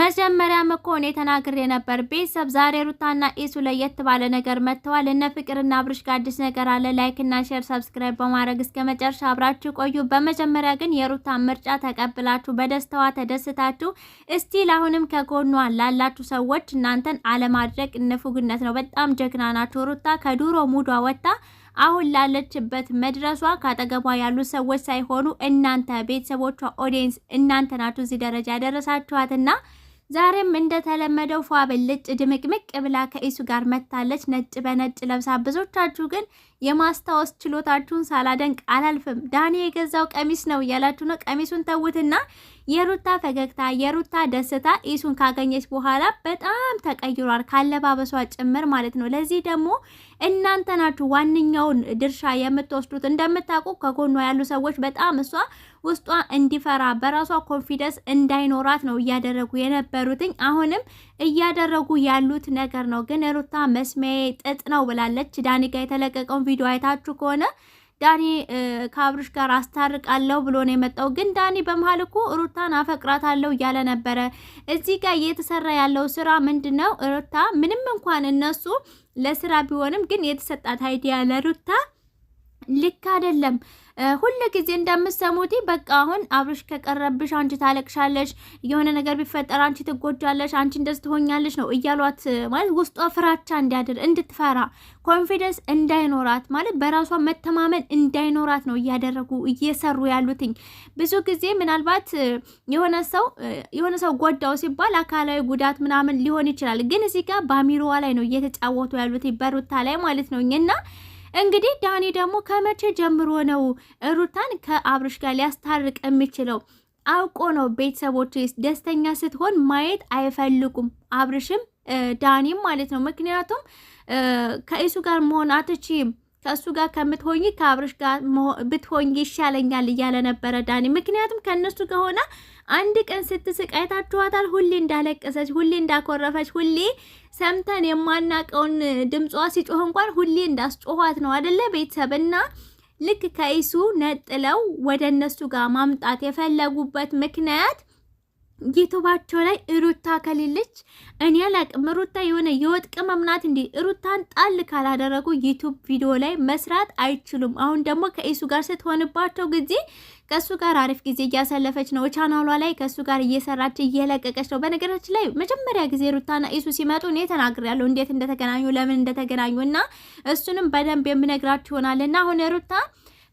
መጀመሪያም እኮ እኔ ተናግሬ ነበር ቤተሰብ። ዛሬ ሩታና ኢሱ ለየት ባለ ነገር መጥተዋል። እነ ፍቅርና አብርሽ ጋር አዲስ ነገር አለ። ላይክና ሼር፣ ሰብስክራይብ በማድረግ እስከ መጨረሻ አብራችሁ ቆዩ። በመጀመሪያ ግን የሩታ ምርጫ ተቀብላችሁ በደስታዋ ተደስታችሁ እስቲ ለአሁንም ከጎኗ ላላችሁ ሰዎች እናንተን አለማድረግ ንፉግነት ነው። በጣም ጀግና ናችሁ። ሩታ ከዱሮ ሙዷ ወጥታ አሁን ላለችበት መድረሷ ካጠገቧ ያሉ ሰዎች ሳይሆኑ እናንተ ቤተሰቦቿ፣ ኦዲየንስ እናንተ ናችሁ እዚህ ደረጃ ያደረሳችኋትና ዛሬም እንደተለመደው ፏ ብልጭ ድምቅምቅ ብላ ከኢሱ ጋር መታለች፣ ነጭ በነጭ ለብሳ። ብዙዎቻችሁ ግን የማስታወስ ችሎታችሁን ሳላደንቅ አላልፍም። ዳኒ የገዛው ቀሚስ ነው እያላችሁ ነው። ቀሚሱን ተውትና የሩታ ፈገግታ፣ የሩታ ደስታ ኢሱን ካገኘች በኋላ በጣም ተቀይሯል፣ ካለባበሷ ጭምር ማለት ነው። ለዚህ ደግሞ እናንተ ናችሁ ዋነኛውን ድርሻ የምትወስዱት። እንደምታውቁ ከጎኗ ያሉ ሰዎች በጣም እሷ ውስጧ እንዲፈራ በራሷ ኮንፊደንስ እንዳይኖራት ነው እያደረጉ የነበሩትኝ። አሁንም እያደረጉ ያሉት ነገር ነው። ግን ሩታ መስሜ ጥጥ ነው ብላለች። ዳኒ ጋ የተለቀቀውን ቪዲዮ አይታችሁ ከሆነ ዳኒ ከአብርሽ ጋር አስታርቃለሁ ብሎ ነው የመጣው። ግን ዳኒ በመሀል እኮ ሩታን አፈቅራታለሁ እያለ ነበረ። እዚህ ጋር እየተሰራ ያለው ስራ ምንድን ነው? ሩታ ምንም እንኳን እነሱ ለስራ ቢሆንም ግን የተሰጣት አይዲያ ለሩታ ልክ አይደለም። ሁሉ ጊዜ እንደምሰሙት በቃ አሁን አብርሽ ከቀረብሽ አንቺ ታለቅሻለሽ፣ የሆነ ነገር ቢፈጠር አንቺ ትጎጃለሽ፣ አንቺ እንደዚህ ትሆኛለሽ ነው እያሏት ማለት ውስጧ ፍራቻ እንዲያድር እንድትፈራ ኮንፊደንስ እንዳይኖራት ማለት በራሷ መተማመን እንዳይኖራት ነው እያደረጉ እየሰሩ ያሉትኝ። ብዙ ጊዜ ምናልባት የሆነ ሰው የሆነ ሰው ጎዳው ሲባል አካላዊ ጉዳት ምናምን ሊሆን ይችላል፣ ግን እዚህ ጋር በአሚሮዋ ላይ ነው እየተጫወቱ ያሉት በሩታ ላይ ማለት ነው እና እንግዲህ ዳኒ ደግሞ ከመቼ ጀምሮ ነው ሩታን ከአብርሽ ጋር ሊያስታርቅ የሚችለው? አውቆ ነው። ቤተሰቦች ደስተኛ ስትሆን ማየት አይፈልጉም፣ አብርሽም ዳኒም ማለት ነው። ምክንያቱም ከእሱ ጋር መሆን አትችይም ከእሱ ጋር ከምትሆኝ ከአብርሽ ጋር ብትሆኝ ይሻለኛል እያለ ነበረ ዳኒ። ምክንያቱም ከእነሱ ከሆነ አንድ ቀን ስትስቅ አይታችኋታል? ሁሌ እንዳለቀሰች፣ ሁሌ እንዳኮረፈች፣ ሁሌ ሰምተን የማናቀውን ድምጿ ሲጮህ እንኳን ሁሌ እንዳስጮኋት ነው አደለ ቤተሰብና ልክ ከኢሱ ነጥለው ወደ እነሱ ጋር ማምጣት የፈለጉበት ምክንያት ጌቶባቸው ላይ ሩታ ከሌለች እኔ አላቅም። ሩታ የሆነ የወጥ ቅመም ናት እንዴ? ሩታን ጣል ካላደረጉ ዩቱብ ቪዲዮ ላይ መስራት አይችሉም። አሁን ደግሞ ከእሱ ጋር ስትሆንባቸው ጊዜ ከእሱ ጋር አሪፍ ጊዜ እያሳለፈች ነው። ቻናሏ ላይ ከእሱ ጋር እየሰራች እየለቀቀች ነው። በነገራችን ላይ መጀመሪያ ጊዜ ሩታና እሱ ሲመጡ እኔ ተናግሬያለሁ፣ እንዴት እንደተገናኙ ለምን እንደተገናኙ እና እሱንም በደንብ የምነግራችሁ ይሆናል እና አሁን ሩታ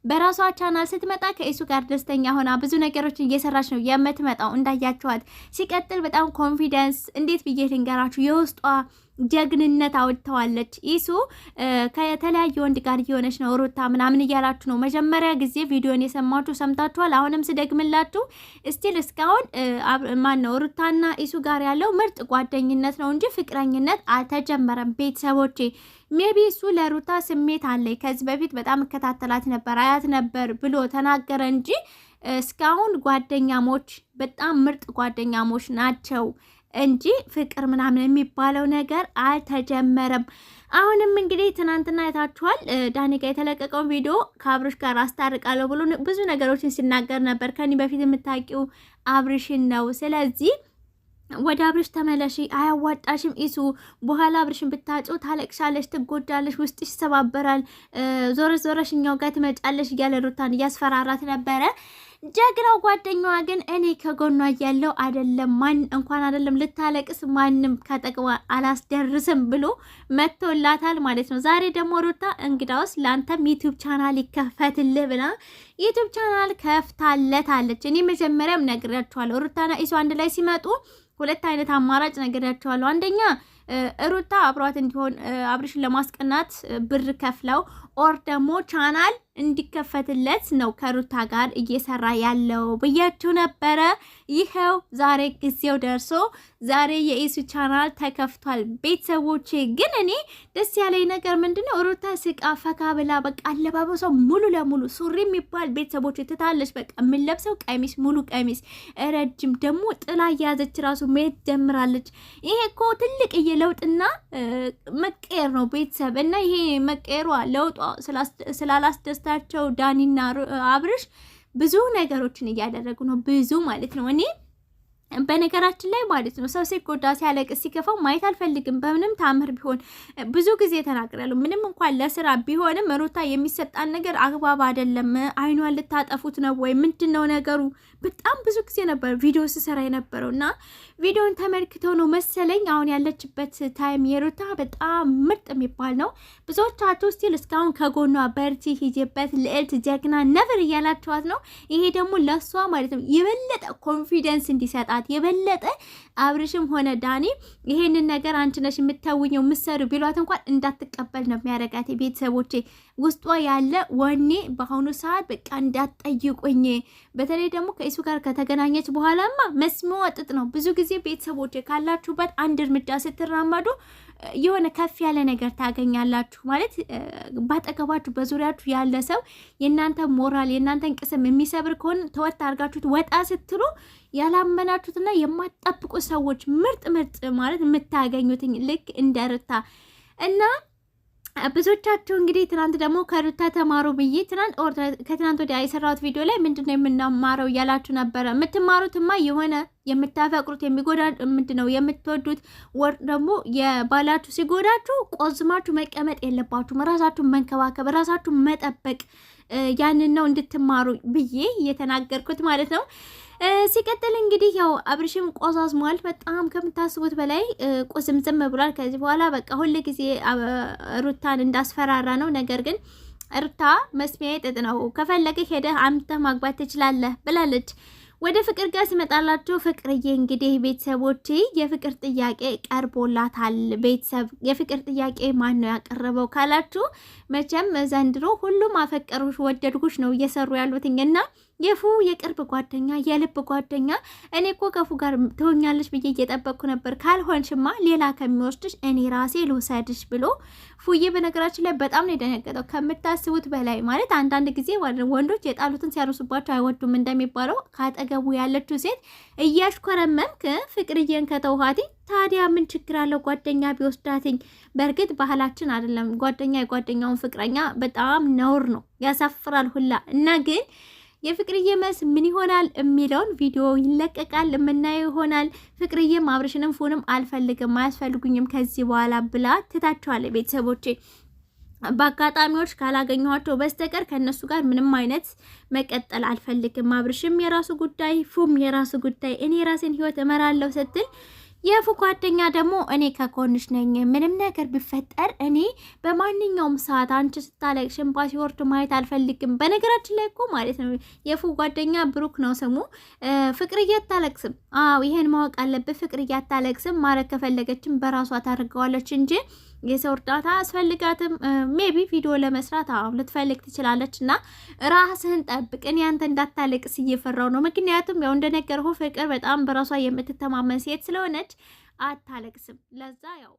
በራሷ ቻናል ስትመጣ ከእሱ ጋር ደስተኛ ሆና ብዙ ነገሮችን እየሰራች ነው የምትመጣው እንዳያችኋት። ሲቀጥል በጣም ኮንፊደንስ እንዴት ብዬ ልንገራችሁ የውስጧ ጀግንነት አውጥተዋለች። ኢሱ ከተለያየ ወንድ ጋር እየሆነች ነው ሩታ ምናምን እያላችሁ ነው። መጀመሪያ ጊዜ ቪዲዮን የሰማችሁ ሰምታችኋል። አሁንም ስደግምላችሁ ስቲል እስካሁን ማን ነው ሩታና ኢሱ ጋር ያለው ምርጥ ጓደኝነት ነው እንጂ ፍቅረኝነት አልተጀመረም። ቤተሰቦቼ ሜቢ እሱ ለሩታ ስሜት አለኝ ከዚህ በፊት በጣም እከታተላት ነበር አያት ነበር ብሎ ተናገረ እንጂ እስካሁን ጓደኛሞች፣ በጣም ምርጥ ጓደኛሞች ናቸው። እንጂ ፍቅር ምናምን የሚባለው ነገር አልተጀመረም። አሁንም እንግዲህ ትናንትና አይታችኋል፣ ዳኒ ጋ የተለቀቀውን ቪዲዮ ከአብርሽ ጋር አስታርቃለሁ ብሎ ብዙ ነገሮችን ሲናገር ነበር። ከኒህ በፊት የምታውቂው አብርሽን ነው። ስለዚህ ወደ አብርሽ ተመለሺ፣ አያዋጣሽም ኢሱ። በኋላ አብርሽን ብታጭው ታለቅሻለሽ፣ ትጎዳለሽ፣ ውስጥሽ ይሰባበራል፣ ዞረሽ ዞረሽ እኛው ጋር ትመጫለሽ እያለ ሩታን እያስፈራራት ነበረ። ጀግናው ጓደኛዋ ግን እኔ ከጎኗ እያለሁ አይደለም ማን እንኳን አይደለም ልታለቅስ ማንም ከጠቅማ አላስደርስም ብሎ መጥቶላታል ማለት ነው። ዛሬ ደግሞ ሩታ እንግዳውስ ለአንተም ዩቱብ ቻናል ይከፈትልህ ብላ ዩቱብ ቻናል ከፍታለታለች። እኔ መጀመሪያም ነግሬያችኋለሁ፣ ሩታና ኢሱ አንድ ላይ ሲመጡ ሁለት አይነት አማራጭ ነግሬያችኋለሁ። አንደኛ ሩታ አብሯት እንዲሆን አብርሽን ለማስቀናት ብር ከፍለው ኦር ደግሞ ቻናል እንዲከፈትለት ነው ከሩታ ጋር እየሰራ ያለው ብያችሁ ነበረ። ይኸው ዛሬ ጊዜው ደርሶ ዛሬ የኢሱ ቻናል ተከፍቷል። ቤተሰቦቼ ግን እኔ ደስ ያለኝ ነገር ምንድነው ሩታ ስቃ ፈካ ብላ በቃ አለባበሷ ሙሉ ለሙሉ ሱሪ የሚባል ቤተሰቦች ትታለች። በቃ የምንለብሰው ቀሚስ ሙሉ ቀሚስ ረጅም ደግሞ ጥላ እያያዘች ራሱ መሄድ ጀምራለች። ይሄ እኮ ትልቅ የለውጥና መቀየር ነው ቤተሰብ እና ይሄ መቀየሯ ለውጧ ስላላስደስታቸው ዳኒና አብርሽ ብዙ ነገሮችን እያደረጉ ነው። ብዙ ማለት ነው እኔ በነገራችን ላይ ማለት ነው ሰው ሲጎዳ ሲያለቅስ ሲከፋው ማየት አልፈልግም። በምንም ታምር ቢሆን ብዙ ጊዜ ተናግሬያለሁ። ምንም እንኳን ለስራ ቢሆንም ሩታ የሚሰጣን ነገር አግባብ አይደለም። አይኗን ልታጠፉት ነው ወይ ምንድን ነው ነገሩ? በጣም ብዙ ጊዜ ነበር ቪዲዮ ስሰራ የነበረው እና ቪዲዮን ተመልክተው ነው መሰለኝ አሁን ያለችበት ታይም። የሩታ በጣም ምርጥ የሚባል ነው። ብዙዎቻቸው ስቲል እስካሁን ከጎኗ በርቲ፣ ሂጄበት፣ ልዕልት፣ ጀግና ነበር እያላቸዋት ነው። ይሄ ደግሞ ለእሷ ማለት ነው የበለጠ ኮንፊደንስ እንዲሰጣት ሰዓት የበለጠ አብርሽም ሆነ ዳኒ ይሄንን ነገር አንቺ ነሽ የምታውኘው ምሰሩ ቢሏት እንኳን እንዳትቀበል ነው የሚያደርጋት። ቤተሰቦቼ ውስጧ ያለ ወኔ በአሁኑ ሰዓት በቃ እንዳትጠይቁኝ። በተለይ ደግሞ ከእሱ ጋር ከተገናኘች በኋላማ መስሚዋ ጥጥ ነው። ብዙ ጊዜ ቤተሰቦቼ ካላችሁበት አንድ እርምጃ ስትራመዱ የሆነ ከፍ ያለ ነገር ታገኛላችሁ ማለት ባጠገባችሁ በዙሪያችሁ ያለ ሰው የእናንተ ሞራል የእናንተን ቅስም የሚሰብር ከሆነ ተወት አድርጋችሁት ወጣ ስትሉ ያላመናችሁትና የማጠብቁ ሰዎች ምርጥ ምርጥ ማለት የምታገኙትኝ ልክ እንደ ርታ እና ብዙቻቸው እንግዲህ ትናንት ደግሞ ከሩታ ተማሩ ብዬ ትናንት ከትናንት ወዲያ የሰራሁት ቪዲዮ ላይ ምንድነው የምናማረው እያላችሁ ነበረ። የምትማሩትማ የሆነ የምታፈቅሩት የሚጎዳ ምንድን ነው የምትወዱት ወር ደግሞ የባላችሁ ሲጎዳችሁ ቆዝማችሁ መቀመጥ የለባችሁም። ራሳችሁን መንከባከብ፣ ራሳችሁን መጠበቅ ያንን ነው እንድትማሩ ብዬ እየተናገርኩት ማለት ነው። ሲቀጥል እንግዲህ ያው አብርሽም ቆዛዝሟል በጣም ከምታስቡት በላይ ቁዝምዝም ብሏል። ከዚህ በኋላ በቃ ሁል ጊዜ ሩታን እንዳስፈራራ ነው። ነገር ግን ሩታ መስሚያ ጥጥ ነው፣ ከፈለግህ ሄደህ አምተህ ማግባት ትችላለህ ብላለች። ወደ ፍቅር ጋር ሲመጣላችሁ ፍቅርዬ እንግዲህ ቤተሰቦቼ የፍቅር ጥያቄ ቀርቦላታል። ቤተሰብ የፍቅር ጥያቄ ማን ነው ያቀረበው ካላችሁ መቼም ዘንድሮ ሁሉም አፈቀሩሽ፣ ወደድኩሽ ነው እየሰሩ ያሉትኝና የፉ የቅርብ ጓደኛ የልብ ጓደኛ። እኔ እኮ ከፉ ጋር ትሆኛለሽ ብዬ እየጠበቅኩ ነበር። ካልሆንሽማ ሌላ ከሚወስድሽ እኔ ራሴ ልውሰድሽ ብሎ ፉዬ፣ በነገራችን ላይ በጣም ነው የደነገጠው ከምታስቡት በላይ ማለት። አንዳንድ ጊዜ ወንዶች የጣሉትን ሲያርሱባቸው አይወዱም እንደሚባለው ካጠገቡ ያለችው ሴት እያሽኮረመምክ ፍቅርዬን ከተውሃቲ ታዲያ ምን ችግር አለው? ጓደኛ ቢወስዳትኝ። በእርግጥ ባህላችን አይደለም ጓደኛ የጓደኛውን ፍቅረኛ በጣም ነውር ነው፣ ያሳፍራል ሁላ እና ግን የፍቅርዬ መስ ምን ይሆናል የሚለውን ቪዲዮ ይለቀቃል የምናየው ይሆናል። ፍቅርዬ አብርሽንም ፎንም አልፈልግም አያስፈልጉኝም ከዚህ በኋላ ብላ ትታችኋለ ቤተሰቦቼ በአጋጣሚዎች ካላገኘኋቸው በስተቀር ከእነሱ ጋር ምንም አይነት መቀጠል አልፈልግም። አብርሽም የራሱ ጉዳይ፣ ፉም የራሱ ጉዳይ፣ እኔ የራሴን ህይወት እመራለሁ ስትል የፉ ጓደኛ ደግሞ እኔ ከጎንሽ ነኝ፣ ምንም ነገር ቢፈጠር እኔ በማንኛውም ሰዓት አንቺ ስታለቅሽ እንባ ሲወርድ ማየት አልፈልግም። በነገራችን ላይ እኮ ማለት ነው የፉ ጓደኛ ብሩክ ነው ስሙ። ፍቅር እያታለቅስም አዎ ይሄን ማወቅ አለብህ። ፍቅር እያታለቅስም ማረ ከፈለገችም በራሷ ታደርገዋለች እንጂ የሰው እርዳታ አስፈልጋትም። ሜቢ ቪዲዮ ለመስራት አዎ ልትፈልግ ትችላለች። እና ራስህን ጠብቅ። እኔ አንተ እንዳታለቅስ እየፈራው ነው። ምክንያቱም ያው እንደነገርሁ ፍቅር በጣም በራሷ የምትተማመን ሴት ስለሆነች አታለቅስም። ለዛ ያው